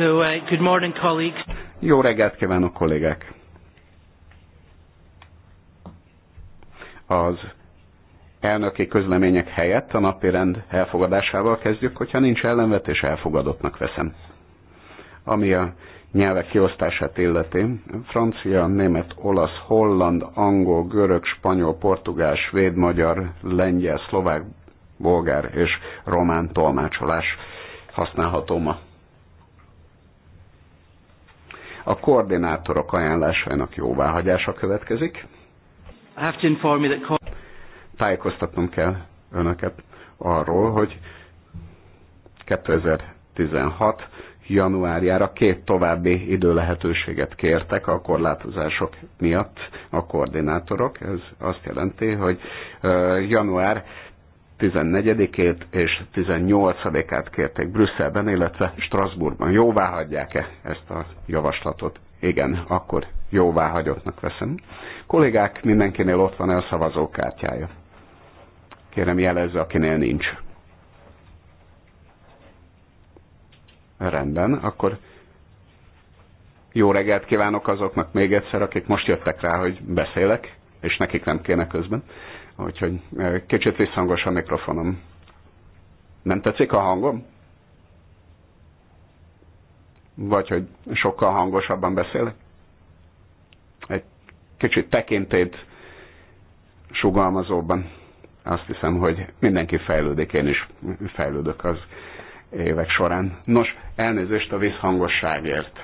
So, uh, good morning, colleagues. Jó reggelt kívánok, kollégák! Az elnöki közlemények helyett a napi rend elfogadásával kezdjük, hogyha nincs ellenvetés, elfogadottnak veszem. Ami a nyelvek kiosztását illeti, francia, német, olasz, holland, angol, görög, spanyol, portugál, svéd, magyar, lengyel, szlovák, bolgár és román tolmácsolás használható ma a koordinátorok ajánlásainak jóváhagyása következik. Tájékoztatnom kell önöket arról, hogy 2016 januárjára két további időlehetőséget kértek a korlátozások miatt a koordinátorok. Ez azt jelenti, hogy január 14-ét és 18-át kérték Brüsszelben, illetve Strasbourgban. Jóvá hagyják-e ezt a javaslatot? Igen, akkor jóvá hagyottnak veszem. Kollégák, mindenkinél ott van-e a szavazókártyája? Kérem jelezze, akinél nincs. Rendben, akkor jó reggelt kívánok azoknak még egyszer, akik most jöttek rá, hogy beszélek, és nekik nem kéne közben. Úgyhogy kicsit visszhangos a mikrofonom. Nem tetszik a hangom? Vagy hogy sokkal hangosabban beszélek? Egy kicsit tekintét sugalmazóban. Azt hiszem, hogy mindenki fejlődik, én is fejlődök az évek során. Nos, elnézést a visszhangosságért.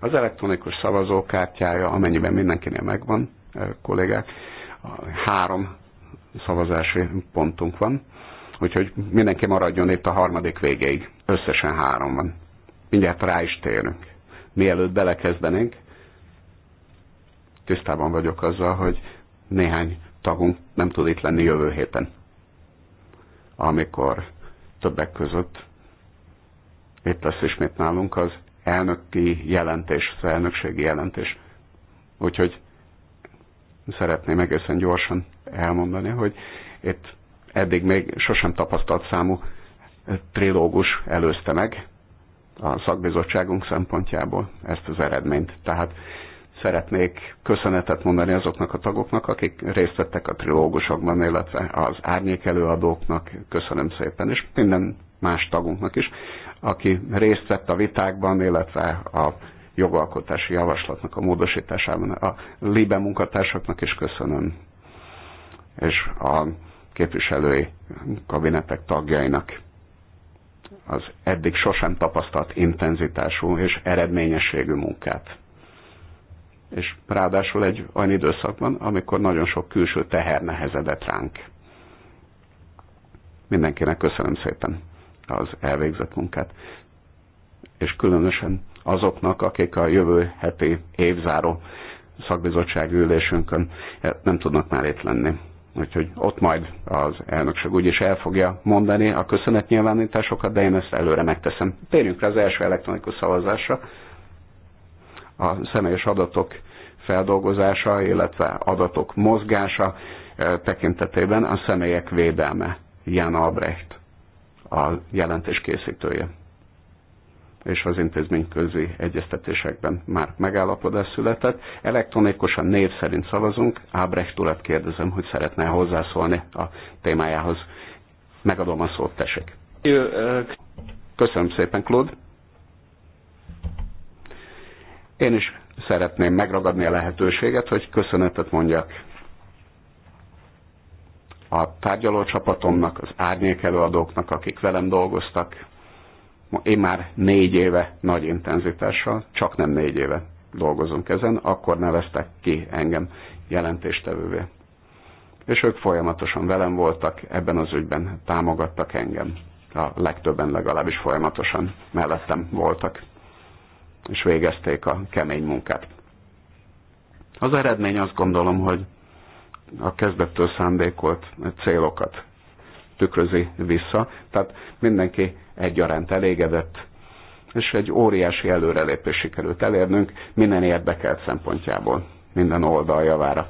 Az elektronikus szavazókártyája, amennyiben mindenkinél megvan, kollégák, három szavazási pontunk van. Úgyhogy mindenki maradjon itt a harmadik végéig. Összesen három van. Mindjárt rá is térünk. Mielőtt belekezdenénk, tisztában vagyok azzal, hogy néhány tagunk nem tud itt lenni jövő héten. Amikor többek között itt lesz ismét nálunk az elnöki jelentés, az elnökségi jelentés. Úgyhogy szeretném egészen gyorsan elmondani, hogy itt eddig még sosem tapasztalt számú trilógus előzte meg a szakbizottságunk szempontjából ezt az eredményt. Tehát szeretnék köszönetet mondani azoknak a tagoknak, akik részt vettek a trilógusokban, illetve az árnyék előadóknak köszönöm szépen, és minden más tagunknak is, aki részt vett a vitákban, illetve a jogalkotási javaslatnak a módosításában. A LIBE munkatársaknak is köszönöm, és a képviselői kabinetek tagjainak az eddig sosem tapasztalt intenzitású és eredményességű munkát. És ráadásul egy olyan időszakban, amikor nagyon sok külső teher nehezedett ránk. Mindenkinek köszönöm szépen az elvégzett munkát, és különösen azoknak, akik a jövő heti évzáró szakbizottság ülésünkön eh, nem tudnak már itt lenni. Úgyhogy ott majd az elnökség úgyis el fogja mondani a köszönetnyilvánításokat, de én ezt előre megteszem. Térjünk rá az első elektronikus szavazásra. A személyes adatok feldolgozása, illetve adatok mozgása eh, tekintetében a személyek védelme. Jan Albrecht a jelentés készítője és az intézmény közi egyeztetésekben már megállapodás született. Elektronikusan név szerint szavazunk. Ábrecht urat kérdezem, hogy szeretne hozzászólni a témájához. Megadom a szót, tessék. Köszönöm szépen, Claude. Én is szeretném megragadni a lehetőséget, hogy köszönetet mondjak a tárgyalócsapatomnak, az árnyékelőadóknak, akik velem dolgoztak, én már négy éve nagy intenzitással, csak nem négy éve dolgozunk ezen, akkor neveztek ki engem jelentéstevővé. És ők folyamatosan velem voltak, ebben az ügyben támogattak engem. A legtöbben legalábbis folyamatosan mellettem voltak, és végezték a kemény munkát. Az eredmény azt gondolom, hogy a kezdettől szándékolt célokat tükrözi vissza, tehát mindenki egyaránt elégedett, és egy óriási előrelépés sikerült elérnünk minden érdekelt szempontjából, minden oldal javára.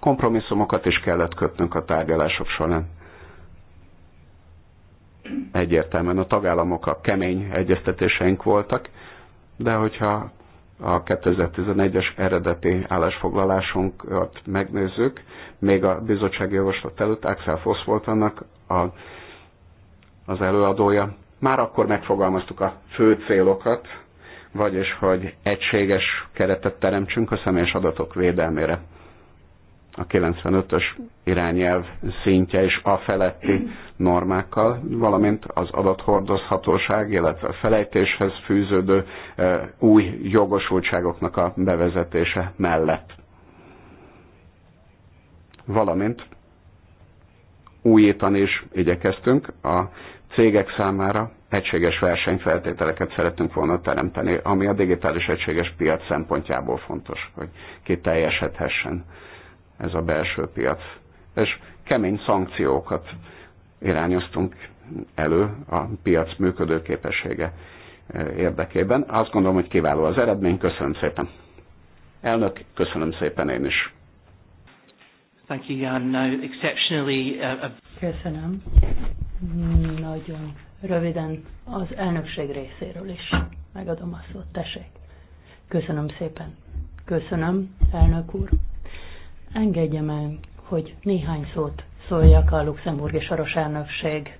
Kompromisszumokat is kellett kötnünk a tárgyalások során. Egyértelműen a tagállamok a kemény egyeztetéseink voltak, de hogyha a 2011-es eredeti állásfoglalásunkat megnézzük, még a bizottsági javaslat előtt Axel Fosz volt annak a, az előadója. Már akkor megfogalmaztuk a fő célokat, vagyis hogy egységes keretet teremtsünk a személyes adatok védelmére a 95-ös irányelv szintje és a feletti normákkal, valamint az adathordozhatóság, illetve a felejtéshez fűződő e, új jogosultságoknak a bevezetése mellett. Valamint újítani is igyekeztünk, a cégek számára egységes versenyfeltételeket szeretünk volna teremteni, ami a digitális egységes piac szempontjából fontos, hogy kiteljesedhessen. teljesedhessen ez a belső piac. És kemény szankciókat irányoztunk elő a piac működőképessége eh, érdekében. Azt gondolom, hogy kiváló az eredmény. Köszönöm szépen. Elnök, köszönöm szépen én is. Thank you, Jan. exceptionally, uh, Köszönöm. Nagyon röviden az elnökség részéről is megadom a szót. Tessék. Köszönöm szépen. Köszönöm, elnök úr. Engedje meg, hogy néhány szót szóljak a luxemburgi soros elnökség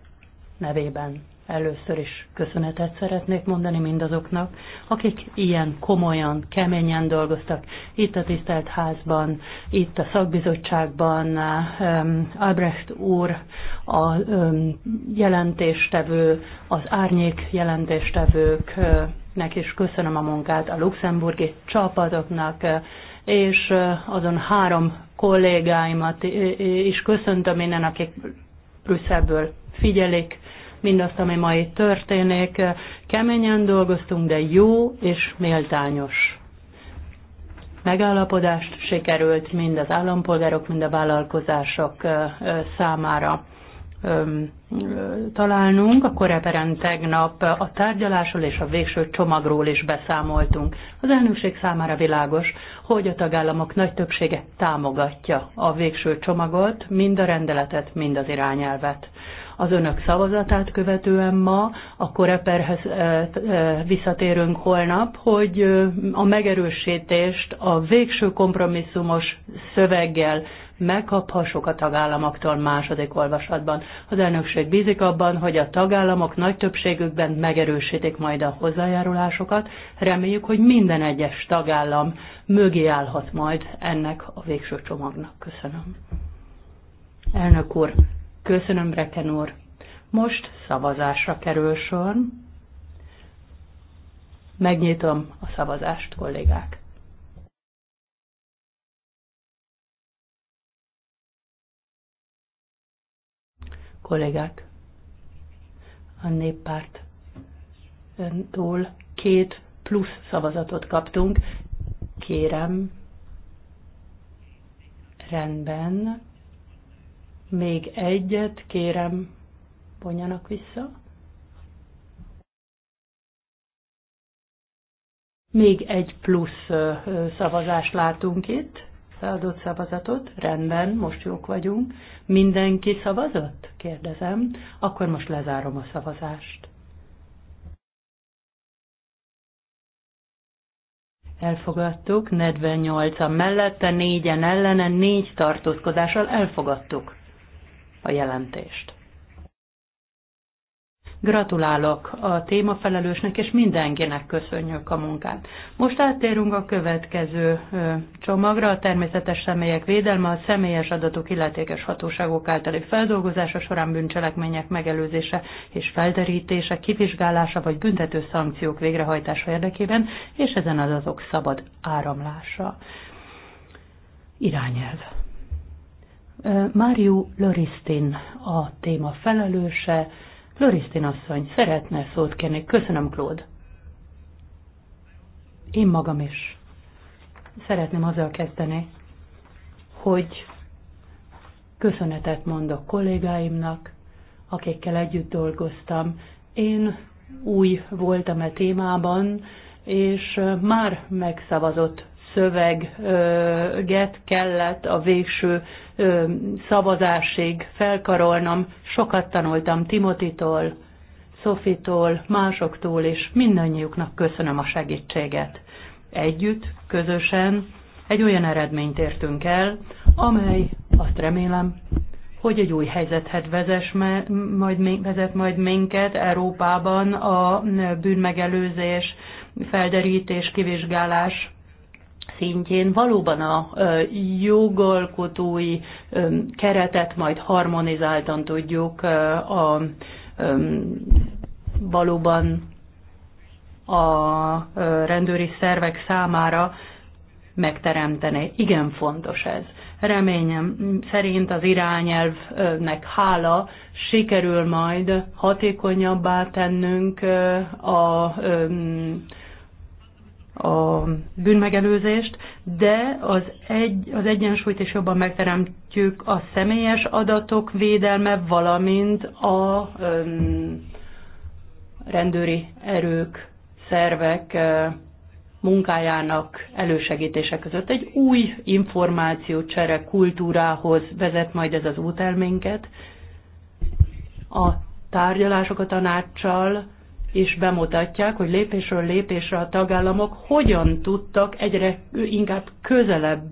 nevében. Először is köszönetet szeretnék mondani mindazoknak, akik ilyen komolyan, keményen dolgoztak itt a tisztelt házban, itt a szakbizottságban. Um, Albrecht úr, a um, jelentéstevő, az árnyék jelentéstevőknek is köszönöm a munkát, a luxemburgi csapatoknak, és azon három kollégáimat is köszöntöm innen, akik Brüsszelből figyelik mindazt, ami mai történik. Keményen dolgoztunk, de jó és méltányos megállapodást sikerült mind az állampolgárok, mind a vállalkozások számára találnunk. A koreperen tegnap a tárgyalásról és a végső csomagról is beszámoltunk. Az elnökség számára világos, hogy a tagállamok nagy többsége támogatja a végső csomagot, mind a rendeletet, mind az irányelvet. Az önök szavazatát követően ma a koreperhez visszatérünk holnap, hogy a megerősítést a végső kompromisszumos szöveggel megkaphassuk a tagállamoktól második olvasatban. Az elnökség bízik abban, hogy a tagállamok nagy többségükben megerősítik majd a hozzájárulásokat. Reméljük, hogy minden egyes tagállam mögé állhat majd ennek a végső csomagnak. Köszönöm. Elnök úr, köszönöm Breken úr. Most szavazásra kerül sor. Megnyitom a szavazást, kollégák. kollégák. A néppárt öntől két plusz szavazatot kaptunk. Kérem, rendben, még egyet kérem, vonjanak vissza. Még egy plusz szavazást látunk itt leadott szavazatot? Rendben, most jók vagyunk. Mindenki szavazott? Kérdezem. Akkor most lezárom a szavazást. Elfogadtuk, 48 a mellette, négyen ellene, 4 tartózkodással elfogadtuk a jelentést. Gratulálok a témafelelősnek, és mindenkinek köszönjük a munkát. Most áttérünk a következő csomagra, a természetes személyek védelme, a személyes adatok illetékes hatóságok általi feldolgozása során bűncselekmények megelőzése és felderítése, kivizsgálása vagy büntető szankciók végrehajtása érdekében, és ezen az azok szabad áramlása. Irányelv. Máriu Loristin a téma felelőse, Florisztin asszony, szeretne szót kérni. Köszönöm, Claude. Én magam is. Szeretném azzal kezdeni, hogy köszönetet mondok kollégáimnak, akikkel együtt dolgoztam. Én új voltam e témában, és már megszavazott szöveget kellett a végső szavazásig felkarolnom. Sokat tanultam Timotitól, Szofitól, másoktól, és mindannyiuknak köszönöm a segítséget. Együtt, közösen egy olyan eredményt értünk el, amely, azt remélem, hogy egy új helyzethet vezes, majd, vezet majd minket Európában a bűnmegelőzés, felderítés, kivizsgálás szintjén valóban a jogalkotói keretet majd harmonizáltan tudjuk a, valóban a rendőri szervek számára megteremteni. Igen fontos ez. Reményem szerint az irányelvnek hála sikerül majd hatékonyabbá tennünk a, a a bűnmegelőzést, de az, egy, az egyensúlyt is jobban megteremtjük a személyes adatok védelme, valamint a öm, rendőri erők, szervek munkájának elősegítése között. Egy új információcsere kultúrához vezet majd ez az út elménket. A tárgyalások a tanácssal, is bemutatják, hogy lépésről lépésre a tagállamok hogyan tudtak egyre inkább közelebb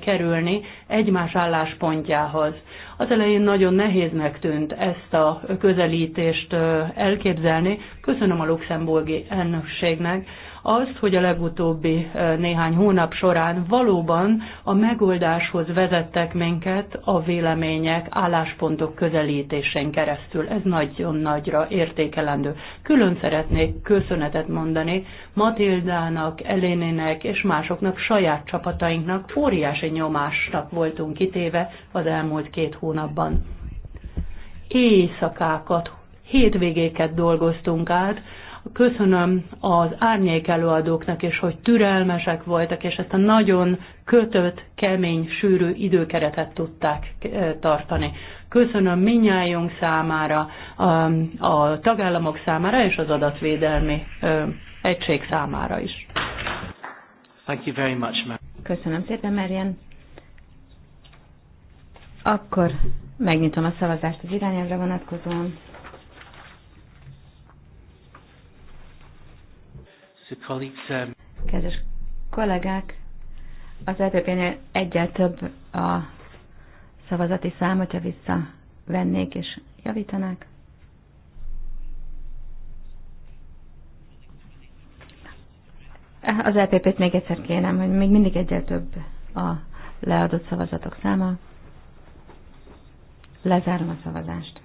kerülni egymás álláspontjához. Az elején nagyon nehéznek tűnt ezt a közelítést elképzelni. Köszönöm a luxemburgi elnökségnek, azt, hogy a legutóbbi néhány hónap során valóban a megoldáshoz vezettek minket a vélemények, álláspontok közelítésén keresztül. Ez nagyon nagyra értékelendő. Külön szeretnék köszönetet mondani Matildának, Elénének és másoknak, saját csapatainknak. Óriási nyomásnak voltunk kitéve az elmúlt két hónapban. Éjszakákat hétvégéket dolgoztunk át, köszönöm az árnyék előadóknak is, hogy türelmesek voltak, és ezt a nagyon kötött, kemény, sűrű időkeretet tudták eh, tartani. Köszönöm minnyájunk számára, um, a tagállamok számára és az adatvédelmi egység számára is. Thank you very much, Köszönöm szépen, Marian. Akkor megnyitom a szavazást az irányelvre vonatkozóan. Um, Kedves kollégák, az EPP-nél egyel több a szavazati szám, hogyha visszavennék és javítanák. Az LPP-t e még egyszer kérem, hogy még mindig egyel több a leadott szavazatok száma. Lezárom a szavazást.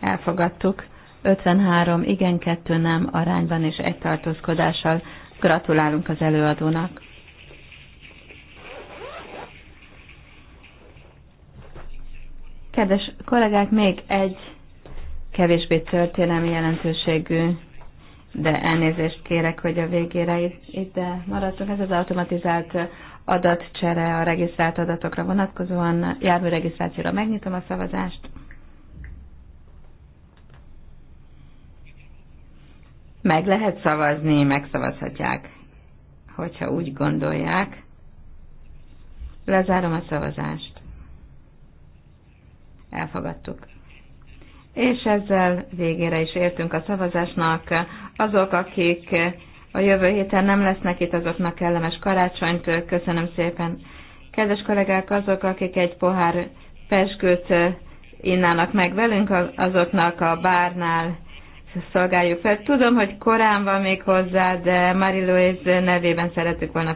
Elfogadtuk. 53 igen, 2 nem arányban és egy tartózkodással. Gratulálunk az előadónak. Kedves kollégák, még egy kevésbé történelmi jelentőségű, de elnézést kérek, hogy a végére itt maradtunk. Ez az automatizált adatcsere a regisztrált adatokra vonatkozóan. Járműregisztrációra megnyitom a szavazást. Meg lehet szavazni, megszavazhatják, hogyha úgy gondolják. Lezárom a szavazást. Elfogadtuk. És ezzel végére is értünk a szavazásnak. Azok, akik a jövő héten nem lesznek itt, azoknak kellemes karácsonyt. Köszönöm szépen. Kedves kollégák, azok, akik egy pohár peskőt innának meg velünk, azoknak a bárnál szolgáljuk fel. Tudom, hogy korán van még hozzá, de Marie-Louise nevében szeretük volna